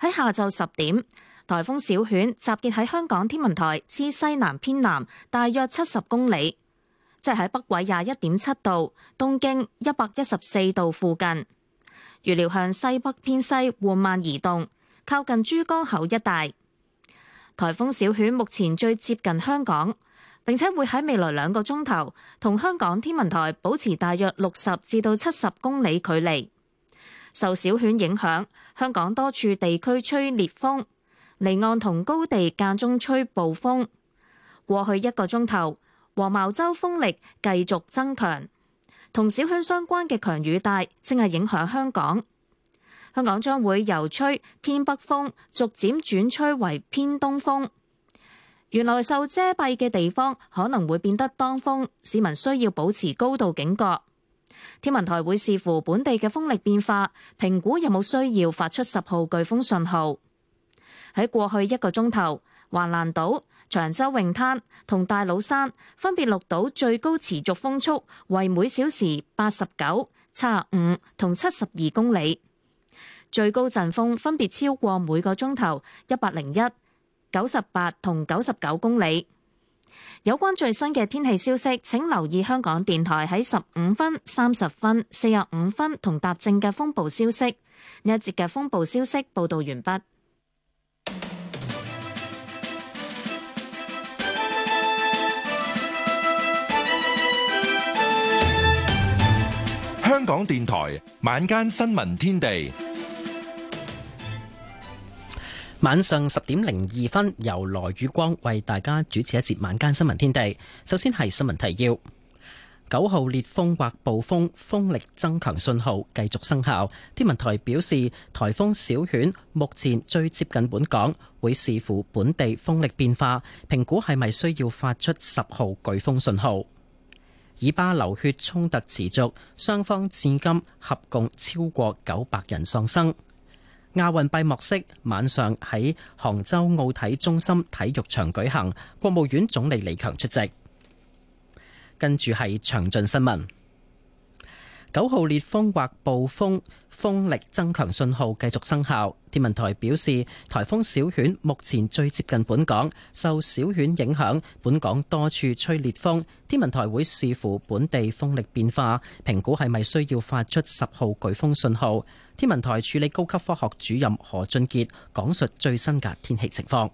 喺下晝十點，台風小犬集結喺香港天文台至西南偏南大約七十公里，即係喺北緯廿一點七度、東經一百一十四度附近。預料向西北偏西緩慢移動，靠近珠江口一帶。台風小犬目前最接近香港，並且會喺未來兩個鐘頭同香港天文台保持大約六十至到七十公里距離。受小犬影響，香港多處地區吹烈風，離岸同高地間中吹暴風。過去一個鐘頭，黃茅洲風力繼續增強，同小犬相關嘅強雨帶正係影響香港。香港將會由吹偏北風，逐漸轉吹為偏東風。原來受遮蔽嘅地方可能會變得當風，市民需要保持高度警覺。天文台會視乎本地嘅風力變化，評估有冇需要發出十號颶風信號。喺過去一個鐘頭，橫瀾島、長洲泳灘同大老山分別錄到最高持續風速為每小時八十九、七十五同七十二公里，最高陣風分別超過每個鐘頭一百零一、九十八同九十九公里。有關最新嘅天氣消息，請留意香港電台喺十五分、三十分、四十五分同踏正嘅風暴消息。呢一節嘅風暴消息報道完畢。香港電台晚間新聞天地。晚上十點零二分，由羅宇光為大家主持一節晚間新聞天地。首先係新聞提要：九號烈風或暴風風力增強信號繼續生效。天文台表示，颱風小犬目前最接近本港，會視乎本地風力變化，評估係咪需要發出十號颶風信號。以巴流血衝突持續，雙方至今合共超過九百人喪生。亞運閉幕式晚上喺杭州奧體中心體育場舉行，國務院總理李強出席。跟住係詳盡新聞，九號烈風或暴風。風力增強信號繼續生效。天文台表示，台風小犬目前最接近本港，受小犬影響，本港多處吹烈風。天文台會視乎本地風力變化，評估係咪需要發出十號颶風信號。天文台處理高級科學主任何俊傑講述最新嘅天氣情況。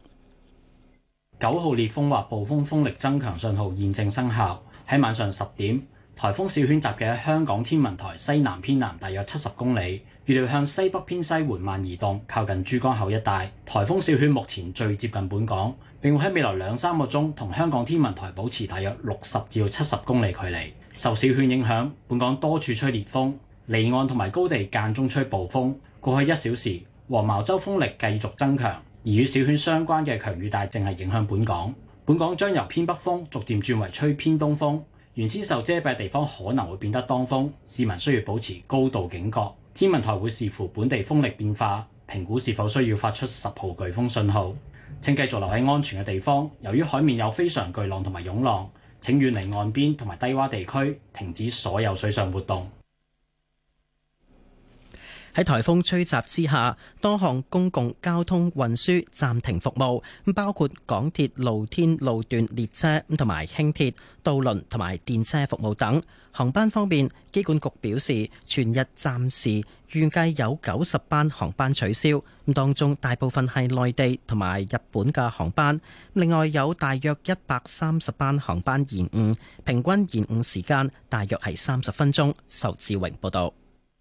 九號烈風或暴風風力增強信號現正生效，喺晚上十點。台風小犬集嘅香港天文台西南偏南大約七十公里，預料向西北偏西緩慢移動靠近珠江口一帶。台風小犬目前最接近本港，並會喺未來兩三個鐘同香港天文台保持大約六十至七十公里距離。受小犬影響，本港多處吹烈風，離岸同埋高地間中吹暴風。過去一小時，黃茅洲風力繼續增強，而與小犬相關嘅強雨帶正係影響本港。本港將由偏北風逐漸轉為吹偏東風。原先受遮蔽嘅地方可能會變得當風，市民需要保持高度警覺。天文台會視乎本地風力變化，評估是否需要發出十號颶風信號。請繼續留喺安全嘅地方。由於海面有非常巨浪同埋湧浪，請遠離岸邊同埋低洼地區，停止所有水上活動。喺台風吹襲之下，多項公共交通運輸暫停服務，包括港鐵露天路段列車，同埋輕鐵、渡輪同埋電車服務等。航班方面，機管局表示，全日暫時預計有九十班航班取消，咁當中大部分係內地同埋日本嘅航班。另外有大約一百三十班航班延誤，平均延誤時間大約係三十分鐘。仇志榮報導。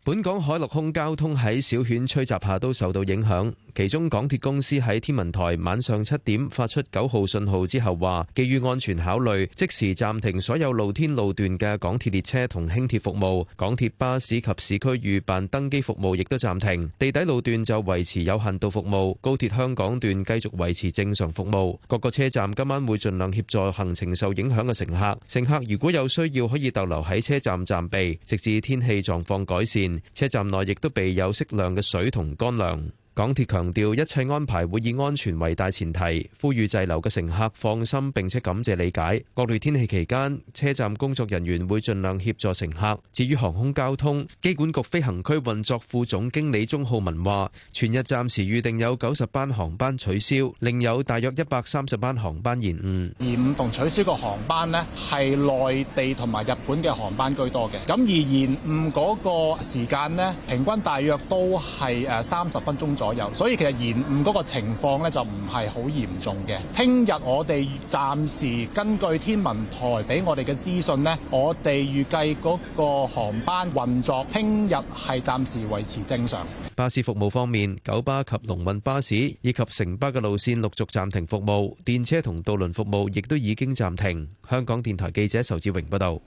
本港海陸空交通喺小犬吹襲下都受到影響，其中港鐵公司喺天文台晚上七點發出九號信號之後，話基於安全考慮，即時暫停所有露天路段嘅港鐵列車同輕鐵服務，港鐵巴士及市區預辦登機服務亦都暫停，地底路段就維持有限度服務，高鐵香港段繼續維持正常服務。各個車站今晚會盡量協助行程受影響嘅乘客，乘客如果有需要可以逗留喺車站暫避，直至天氣狀況改善。車站內亦都備有適量嘅水同乾糧。港鐵強調一切安排會以安全為大前提，呼籲滯留嘅乘客放心並且感謝理解。惡劣天氣期間車站工作人員會盡量協助乘客。至於航空交通，機管局飛行區運作副總經理鍾浩文話，全日暫時預定有九十班航班取消，另有大約一百三十班航班延誤。延誤同取消個航班咧，係內地同埋日本嘅航班居多嘅。咁而延誤嗰個時間咧，平均大約都係誒三十分鐘左。所以其實延誤嗰個情況呢，就唔係好嚴重嘅。聽日我哋暫時根據天文台俾我哋嘅資訊呢，我哋預計嗰個航班運作聽日係暫時維持正常。巴士服務方面，九巴及龍運巴士以及城巴嘅路線陸續暫停服務，電車同渡輪服務亦都已經暫停。香港電台記者仇志榮報道。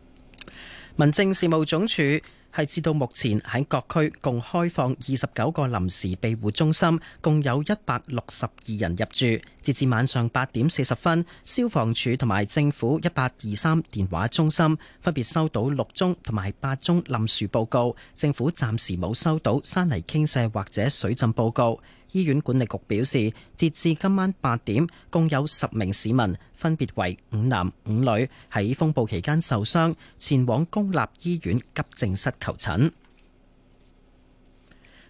民政事務總署係至到目前喺各區共開放二十九個臨時庇護中心，共有一百六十二人入住。截至晚上八點四十分，消防處同埋政府一八二三電話中心分別收到六宗同埋八宗冧樹報告，政府暫時冇收到山泥傾瀉或者水浸報告。醫院管理局表示，截至今晚八點，共有十名市民，分別為五男五女，喺風暴期間受傷，前往公立醫院急症室求診。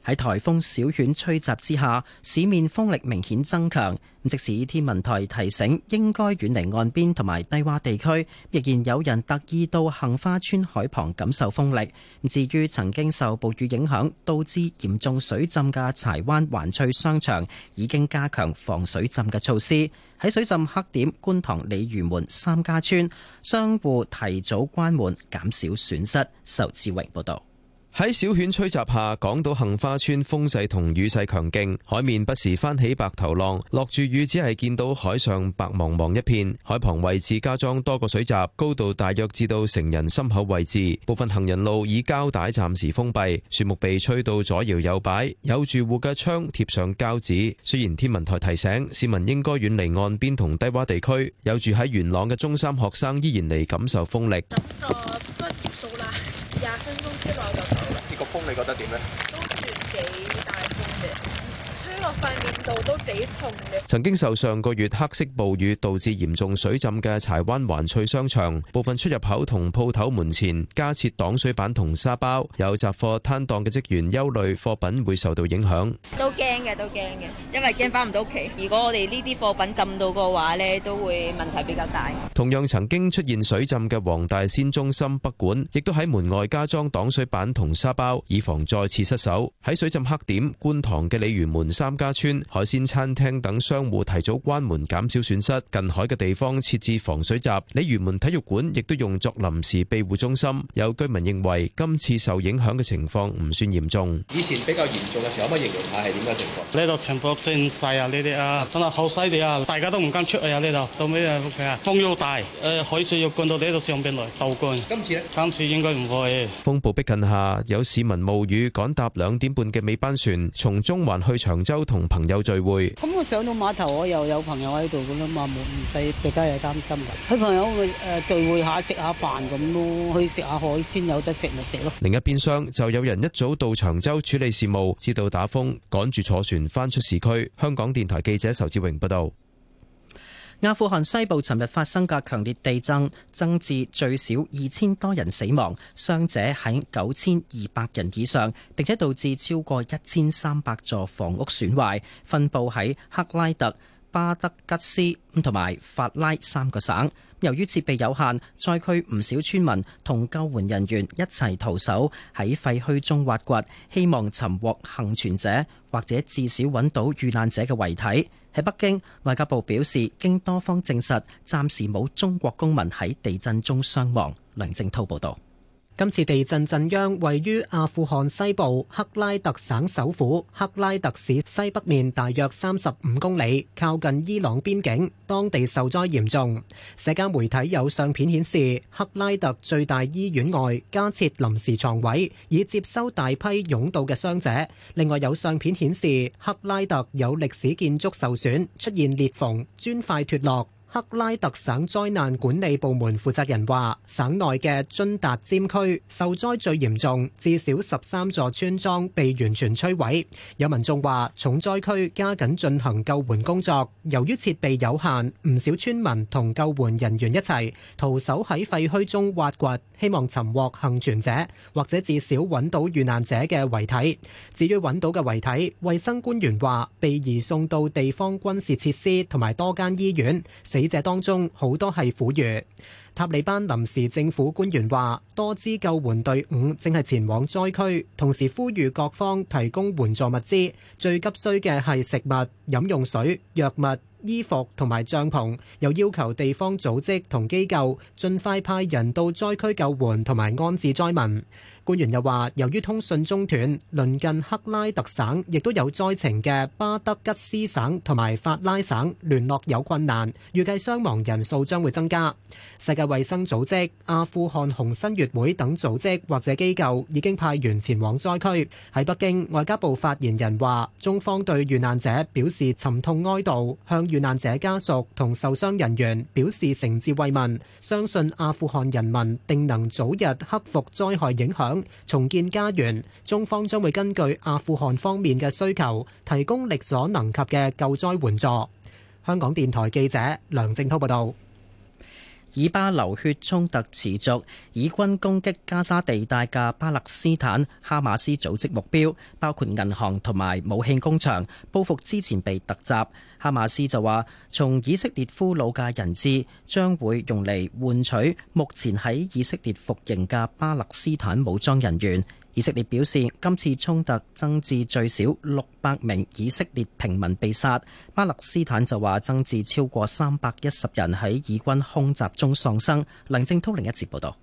喺颱風小犬吹襲之下，市面風力明顯增強。即使天文台提醒應該遠離岸邊同埋低洼地區，仍然有人特意到杏花村海旁感受風力。至於曾經受暴雨影響，導致嚴重水浸嘅柴灣環翠商場，已經加強防水浸嘅措施。喺水浸黑點觀塘鯉魚門三家村，商戶提早關門，減少損失。仇志榮報道。喺小犬吹襲下，港島杏花村風勢同雨勢強勁，海面不時翻起白頭浪。落住雨，只係見到海上白茫茫一片。海旁位置加裝多個水閘，高度大約至到成人心口位置。部分行人路以膠帶暫時封閉，樹木被吹到左搖右擺。有住戶嘅窗貼上膠紙。雖然天文台提醒市民應該遠離岸邊同低洼地區，有住喺元朗嘅中三學生依然嚟感受風力。風，你覺得點咧？都算幾大風嘅。曾經受上個月黑色暴雨導致嚴重水浸嘅柴灣環翠商場，部分出入口同鋪頭門前加設擋水板同沙包，有雜貨攤檔嘅職員憂慮貨品會受到影響，都驚嘅，都驚嘅，因為驚翻唔到屋企。如果我哋呢啲貨品浸到嘅話呢，都會問題比較大。同樣曾經出現水浸嘅黃大仙中心北館，亦都喺門外加裝擋水板同沙包，以防再次失守。喺水浸黑點觀塘嘅鯉魚門三家村、海鮮餐廳等商戶提早關門，減少損失。近海嘅地方設置防水閘，鯉魚門體育館亦都用作臨時庇護中心。有居民認為今次受影響嘅情況唔算嚴重。以前比較嚴重嘅時候，我形容下係點嘅情況？呢度情況正細啊！你哋啊真係好犀利啊！大家都唔敢出去啊！呢度到尾啊，屋企啊風又大，誒海水又灌到呢度上邊來倒灌。今次呢？今次應該唔會。風暴逼近下，有市民冒雨趕搭兩點半嘅尾班船，從中環去長洲。同朋友聚會，咁我上到碼頭，我又有朋友喺度咁啦嘛，冇唔使大家又擔心。去朋友誒、呃、聚會下，食下飯咁咯，去食下海鮮有得食咪食咯。另一邊廂就有人一早到長洲處理事務，知道打風，趕住坐船返出市區。香港電台記者仇志榮報道。阿富汗西部尋日發生嘅強烈地震，增至最少二千多人死亡，傷者喺九千二百人以上，並且導致超過一千三百座房屋損壞，分布喺克拉特、巴德吉斯同埋法拉三個省。由於設備有限，災區唔少村民同救援人員一齊徒手喺廢墟中挖掘，希望尋獲倖存者或者至少揾到遇難者嘅遺體。喺北京，外交部表示，經多方證實，暫時冇中國公民喺地震中傷亡。梁正濤報道。今次地震震央位於阿富汗西部克拉特省首府克拉特市西北面大約三十五公里，靠近伊朗邊境，當地受災嚴重。社交媒體有相片顯示克拉特最大醫院外加設臨時床位，以接收大批湧到嘅傷者。另外有相片顯示克拉特有歷史建築受損，出現裂縫、磚塊脫落。克拉特省災難管理部門負責人話，省內嘅津達尖區受災最嚴重，至少十三座村莊被完全摧毀，有民眾話重災區加緊進行救援工作，由於設備有限，唔少村民同救援人員一齊徒手喺廢墟中挖掘。希望尋獲幸存者，或者至少揾到遇難者嘅遺體。至於揾到嘅遺體，衛生官員話被移送到地方軍事設施同埋多間醫院。死者當中好多係婦孺。塔利班臨時政府官員話，多支救援隊伍正係前往災區，同時呼籲各方提供援助物資，最急需嘅係食物、飲用水、藥物、衣服同埋帳篷，又要求地方組織同機構盡快派人到災區救援同埋安置災民。官員又話，由於通訊中斷，鄰近克拉特省亦都有災情嘅巴德吉斯省同埋法拉省聯絡有困難，預計傷亡人數將會增加。世界衛生組織、阿富汗紅新月會等組織或者機構已經派員前往災區。喺北京，外交部發言人話：中方對遇難者表示沉痛哀悼，向遇難者家屬同受傷人員表示誠摯慰問，相信阿富汗人民定能早日克服災害影響。重建家園，中方將會根據阿富汗方面嘅需求，提供力所能及嘅救災援助。香港電台記者梁正濤報道。以巴流血衝突持續，以軍攻擊加沙地帶嘅巴勒斯坦哈馬斯組織目標，包括銀行同埋武器工場，報復之前被突襲。哈馬斯就話，從以色列俘虜嘅人質將會用嚟換取目前喺以色列服刑嘅巴勒斯坦武裝人員。以色列表示今次衝突增至最少六百名以色列平民被殺，巴勒斯坦就話增至超過三百一十人喺以軍空襲中喪生。林正濤另一節報導。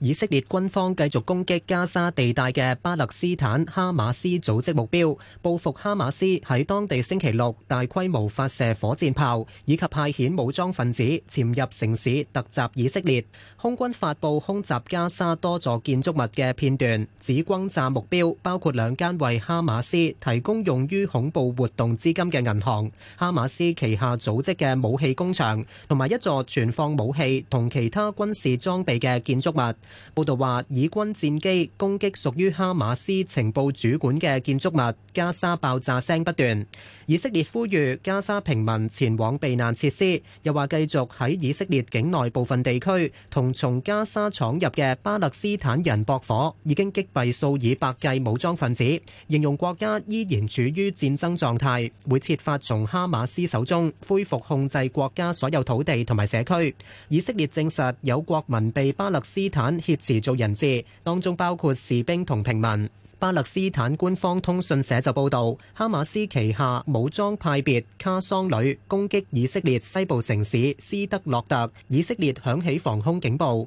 以色列軍方繼續攻擊加沙地帶嘅巴勒斯坦哈馬斯組織目標，報復哈馬斯喺當地星期六大規模發射火箭炮，以及派遣武裝分子潛入城市突襲以色列。空軍發佈空襲加沙多座建築物嘅片段，指轟炸目標包括兩間為哈馬斯提供用於恐怖活動資金嘅銀行、哈馬斯旗下組織嘅武器工場，同埋一座存放武器同其他軍事裝備嘅建築物。報道話，以軍戰機攻擊屬於哈馬斯情報主管嘅建築物，加沙爆炸聲不斷。以色列呼籲加沙平民前往避難設施，又話繼續喺以色列境內部分地區同從加沙闖入嘅巴勒斯坦人駁火，已經擊斃數以百計武裝分子。形容國家依然處於戰爭狀態，會設法從哈馬斯手中恢復控制國家所有土地同埋社區。以色列證實有國民被巴勒斯坦挾持做人質，當中包括士兵同平民。巴勒斯坦官方通訊社就報道，哈馬斯旗下武裝派別卡桑旅攻擊以色列西部城市斯德洛特，以色列響起防空警報。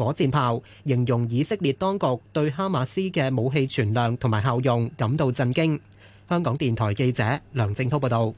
火箭炮，形容以色列當局對哈馬斯嘅武器存量同埋效用感到震驚。香港電台記者梁正濤報道，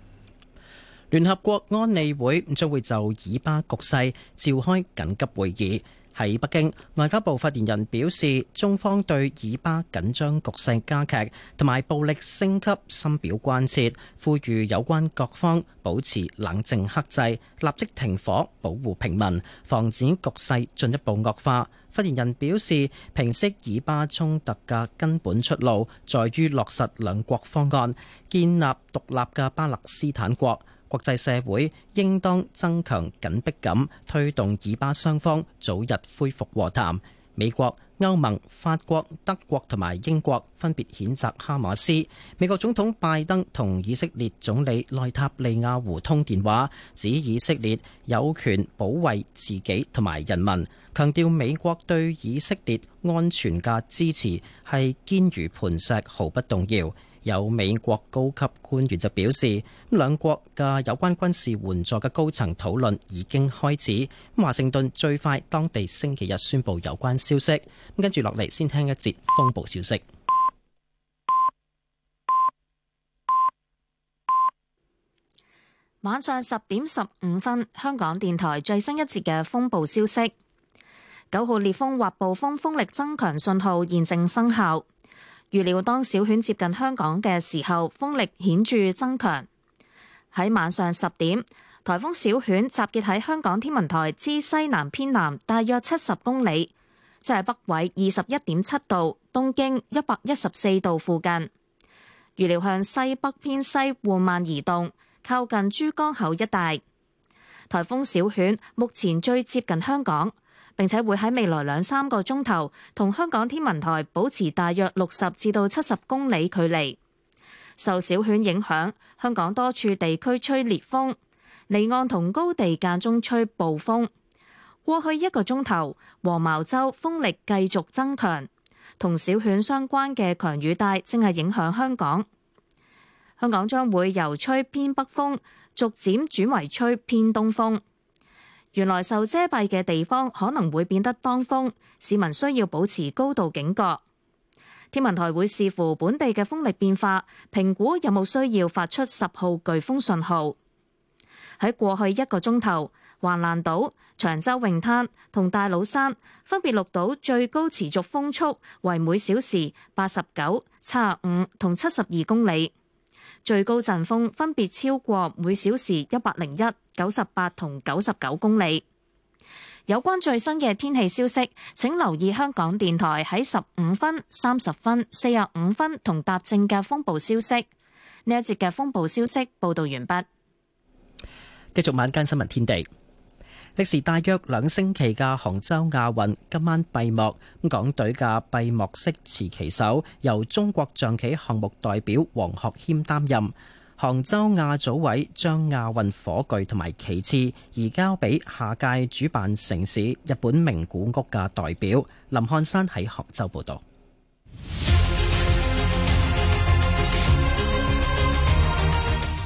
聯合國安理會將會就以巴局勢召開緊急會議。喺北京，外交部發言人表示，中方對以巴緊張局勢加劇同埋暴力升級深表關切，呼籲有關各方保持冷靜克制，立即停火，保護平民，防止局勢進一步惡化。發言人表示，平息以巴衝突嘅根本出路，在於落實兩國方案，建立獨立嘅巴勒斯坦國。國際社會應當增強緊迫感，推動以巴雙方早日恢復和談。美國、歐盟、法國、德國同埋英國分別譴責哈馬斯。美國總統拜登同以色列總理內塔尼亞胡通電話，指以色列有權保衛自己同埋人民，強調美國對以色列安全嘅支持係堅如磐石，毫不動搖。有美國高級官員就表示，兩國嘅有關軍事援助嘅高層討論已經開始。華盛頓最快當地星期日宣布有關消息。跟住落嚟，先聽一節風暴消息。晚上十點十五分，香港電台最新一節嘅風暴消息。九號烈風或暴風風力增強信號現正生效。預料當小犬接近香港嘅時候，風力顯著增強。喺晚上十點，颱風小犬集結喺香港天文台之西南偏南大約七十公里，即係北緯二十一點七度、東經一百一十四度附近。預料向西北偏西緩慢移動，靠近珠江口一帶。颱風小犬目前最接近香港。並且會喺未來兩三個鐘頭同香港天文台保持大約六十至到七十公里距離。受小犬影響，香港多處地區吹烈風，離岸同高地間中吹暴風。過去一個鐘頭，黃茅洲風力繼續增強，同小犬相關嘅強雨帶正係影響香港。香港將會由吹偏北風逐漸轉為吹偏東風。原來受遮蔽嘅地方可能會變得當風，市民需要保持高度警覺。天文台會視乎本地嘅風力變化，評估有冇需要發出十號颶風信號。喺過去一個鐘頭，橫瀾島、長洲泳灘同大老山分別錄到最高持續風速為每小時八十九、七十五同七十二公里。最高陣風分別超過每小時一百零一、九十八同九十九公里。有關最新嘅天氣消息，請留意香港電台喺十五分、三十分、四十五分同踏正嘅風暴消息。呢一節嘅風暴消息報道完畢，繼續晚間新聞天地。歷時大約兩星期嘅杭州亞運今晚閉幕，港隊嘅閉幕式持旗手由中國象棋項目代表黃學謙擔任。杭州亞組委將亞運火炬同埋旗幟移交俾下屆主辦城市日本名古屋嘅代表。林漢山喺杭州報道。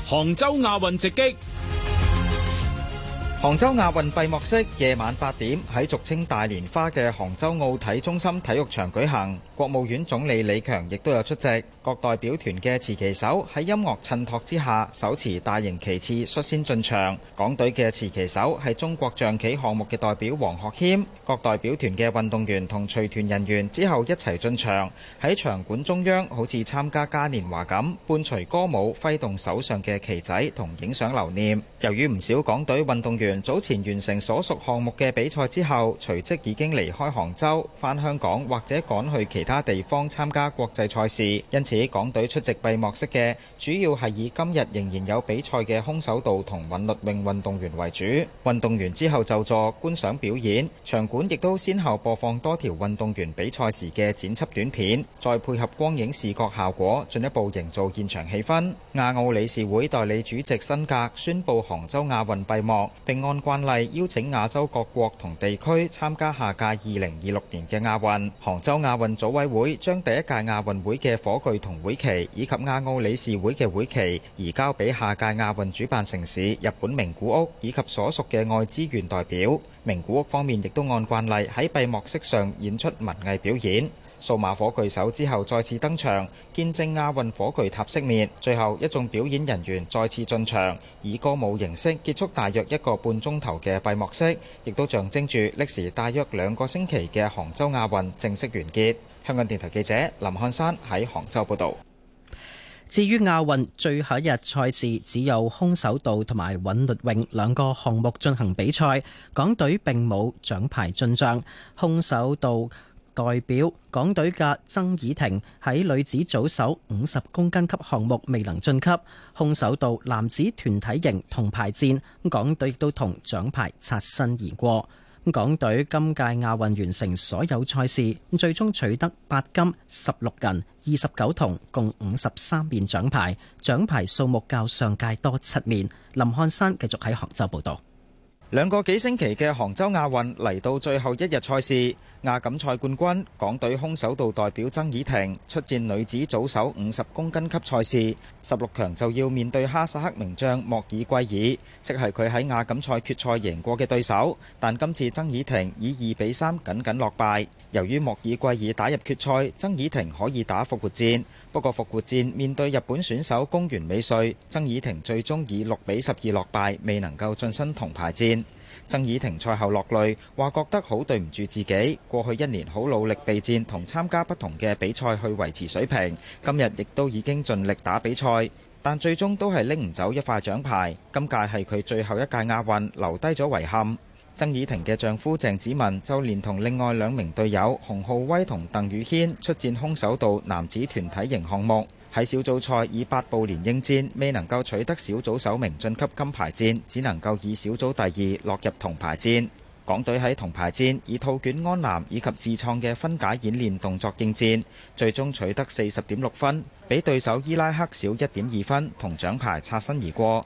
杭州亞運直擊。杭州亞運閉幕式夜晚八點，喺俗稱大蓮花嘅杭州奧體中心體育場舉行，國務院總理李強亦都有出席。各代表團嘅持旗手喺音樂襯托之下，手持大型旗幟率先進場。港隊嘅持旗手係中國象棋項目嘅代表黃學謙。各代表團嘅運動員同隨團人員之後一齊進場，喺場館中央好似參加嘉年華咁，伴隨歌舞，揮動手上嘅旗仔同影相留念。由於唔少港隊運動員早前完成所屬項目嘅比賽之後，隨即已經離開杭州返香港或者趕去其他地方參加國際賽事，因此，港隊出席閉幕式嘅，主要係以今日仍然有比賽嘅空手道同韻律泳運動員為主。運動員之後就坐觀賞表演，場館亦都先後播放多條運動員比賽時嘅剪輯短片，再配合光影視覺效果，進一步營造現場氣氛。亞奧理事會代理主席辛格宣布杭州亞運閉幕，並按慣例邀請亞洲各國同地區參加下屆二零二六年嘅亞運。杭州亞運組委會將第一屆亞運會嘅火炬。同會期以及亞奧理事會嘅會期移交俾下屆亞運主辦城市，日本名古屋以及所屬嘅愛知縣代表。名古屋方面亦都按慣例喺閉幕式上演出文藝表演，數碼火炬手之後再次登場，見證亞運火炬塔熄滅。最後一眾表演人員再次進場，以歌舞形式結束，大約一個半鐘頭嘅閉幕式，亦都象徵住歷時大約兩個星期嘅杭州亞運正式完結。香港電台記者林漢山喺杭州報道。至於亞運最後一日賽事，只有空手道同埋韻律泳兩個項目進行比賽。港隊並冇獎牌進賬。空手道代表港隊嘅曾綺婷喺女子組手五十公斤級項目未能晉級。空手道男子團體型銅牌戰，港隊亦都同獎牌擦身而過。香港隊今屆亞運完成所有賽事，最終取得八金、十六銀、二十九銅，共五十三面獎牌，獎牌數目較上屆多七面。林漢山繼續喺杭州報道。兩個幾星期嘅杭州亞運嚟到最後一日賽事，亞錦賽冠軍港隊空手道代表曾倚婷出戰女子組手五十公斤級賽事，十六強就要面對哈薩克名將莫爾季爾，即係佢喺亞錦賽決賽贏過嘅對手。但今次曾倚婷以二比三僅僅落敗。由於莫爾季爾打入決賽，曾倚婷可以打復活戰。不過復活戰面對日本選手宮原美穗，曾倚婷最終以六比十二落敗，未能夠晉身銅牌戰。曾倚婷賽後落淚，話覺得好對唔住自己，過去一年好努力備戰同參加不同嘅比賽去維持水平，今日亦都已經盡力打比賽，但最終都係拎唔走一塊獎牌。今屆係佢最後一屆亞運，留低咗遺憾。曾以婷嘅丈夫鄭子文就連同另外兩名隊友洪浩威同鄧宇軒出戰空手道男子團體型項目，喺小組賽以八步連應戰，未能夠取得小組首名晉級金牌戰，只能夠以小組第二落入銅牌戰。港隊喺銅牌戰以套卷安南以及自創嘅分解演練動作應戰，最終取得四十點六分，比對手伊拉克少一點二分，同獎牌擦身而過。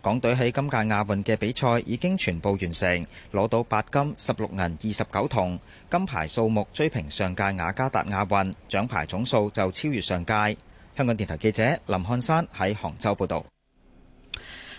港隊喺今屆亞運嘅比賽已經全部完成，攞到八金、十六銀、二十九銅，金牌數目追平上屆雅加達亞運，獎牌總數就超越上屆，香港電台記者林漢山喺杭州報道。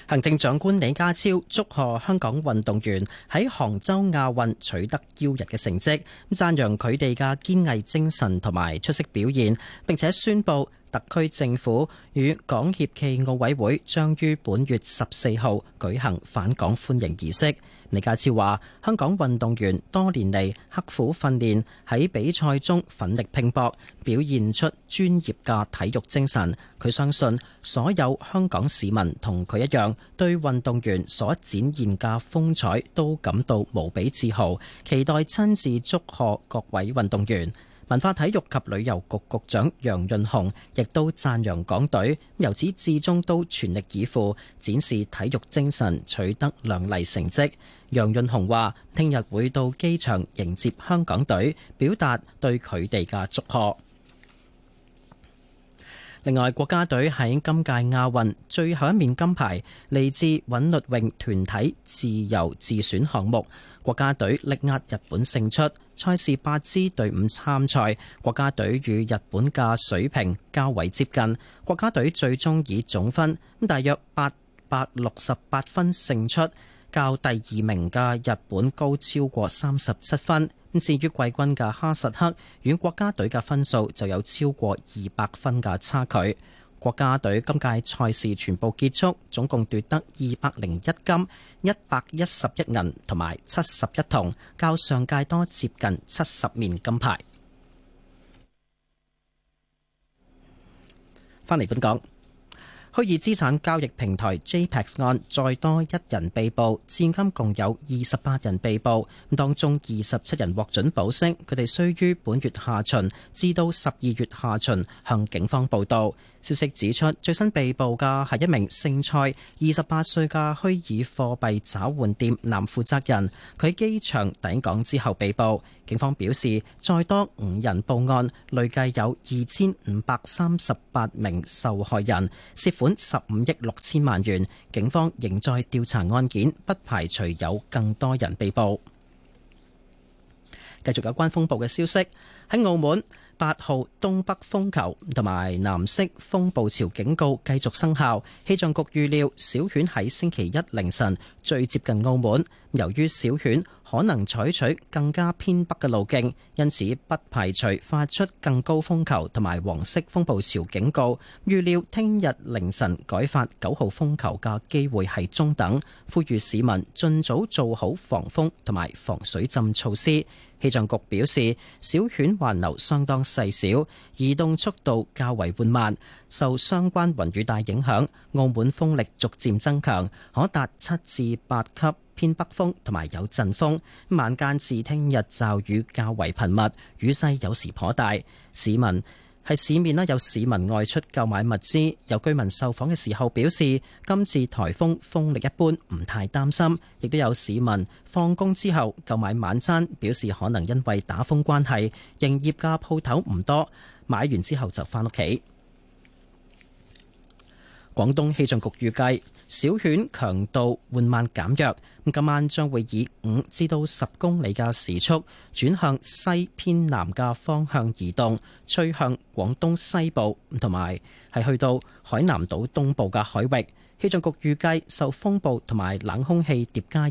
行政長官李家超祝賀香港運動員喺杭州亞運取得驕人嘅成績，咁讚揚佢哋嘅堅毅精神同埋出色表現，並且宣布特區政府與港協暨奧委會將於本月十四號舉行返港歡迎儀式。李家超話：香港運動員多年嚟刻苦訓練，喺比賽中奮力拼搏，表現出專業嘅體育精神。佢相信所有香港市民同佢一樣，對運動員所展現嘅風采都感到無比自豪，期待親自祝賀各位運動員。文化體育及旅遊局局長楊潤雄亦都讚揚港隊，由始至終都全力以赴，展示體育精神，取得亮麗成績。楊潤雄話：聽日會到機場迎接香港隊，表達對佢哋嘅祝賀。另外，國家隊喺今屆亞運最後一面金牌嚟自韻律泳團體自由自選項目，國家隊力壓日本勝出。賽事八支隊伍參賽，國家隊與日本嘅水平較為接近。國家隊最終以總分大約八百六十八分勝出，較第二名嘅日本高超過三十七分。至於季軍嘅哈薩克，與國家隊嘅分數就有超過二百分嘅差距。國家隊今屆賽事全部結束，總共奪得二百零一金、一百一十一銀同埋七十一銅，較上屆多接近七十面金牌。翻嚟本港，虛擬資產交易平台 JPEX 案再多一人被捕，至今共有二十八人被捕，當中二十七人獲准保釋，佢哋需於本月下旬至到十二月下旬向警方報到。消息指出，最新被捕嘅係一名姓蔡、二十八歲嘅虛擬貨幣找換店男負責人。佢喺機場抵港之後被捕。警方表示，再多五人報案，累計有二千五百三十八名受害人，涉款十五億六千萬元。警方仍在調查案件，不排除有更多人被捕。繼續有關風暴嘅消息，喺澳門。八號東北風球同埋藍色風暴潮警告繼續生效。氣象局預料小犬喺星期一凌晨最接近澳門，由於小犬可能採取更加偏北嘅路徑，因此不排除發出更高風球同埋黃色風暴潮警告。預料聽日凌晨改發九號風球嘅機會係中等，呼籲市民盡早做好防風同埋防水浸措施。氣象局表示，小犬環流相當細小，移動速度較為緩慢。受相關雲雨帶影響，澳門風力逐漸增強，可達七至八級偏北風，同埋有陣風。晚間至聽日，驟雨較為頻密，雨勢有時頗大。市民。喺市面啦，有市民外出購買物資，有居民受訪嘅時候表示，今次台風風力一般，唔太擔心。亦都有市民放工之後購買晚餐，表示可能因為打風關係營業嘅鋪頭唔多，買完之後就翻屋企。廣東氣象局預計。小犬強度緩慢減弱，咁今晚將會以五至到十公里嘅時速，轉向西偏南嘅方向移動，吹向廣東西部，咁同埋係去到海南島東部嘅海域。氣象局預計受風暴同埋冷空氣疊加。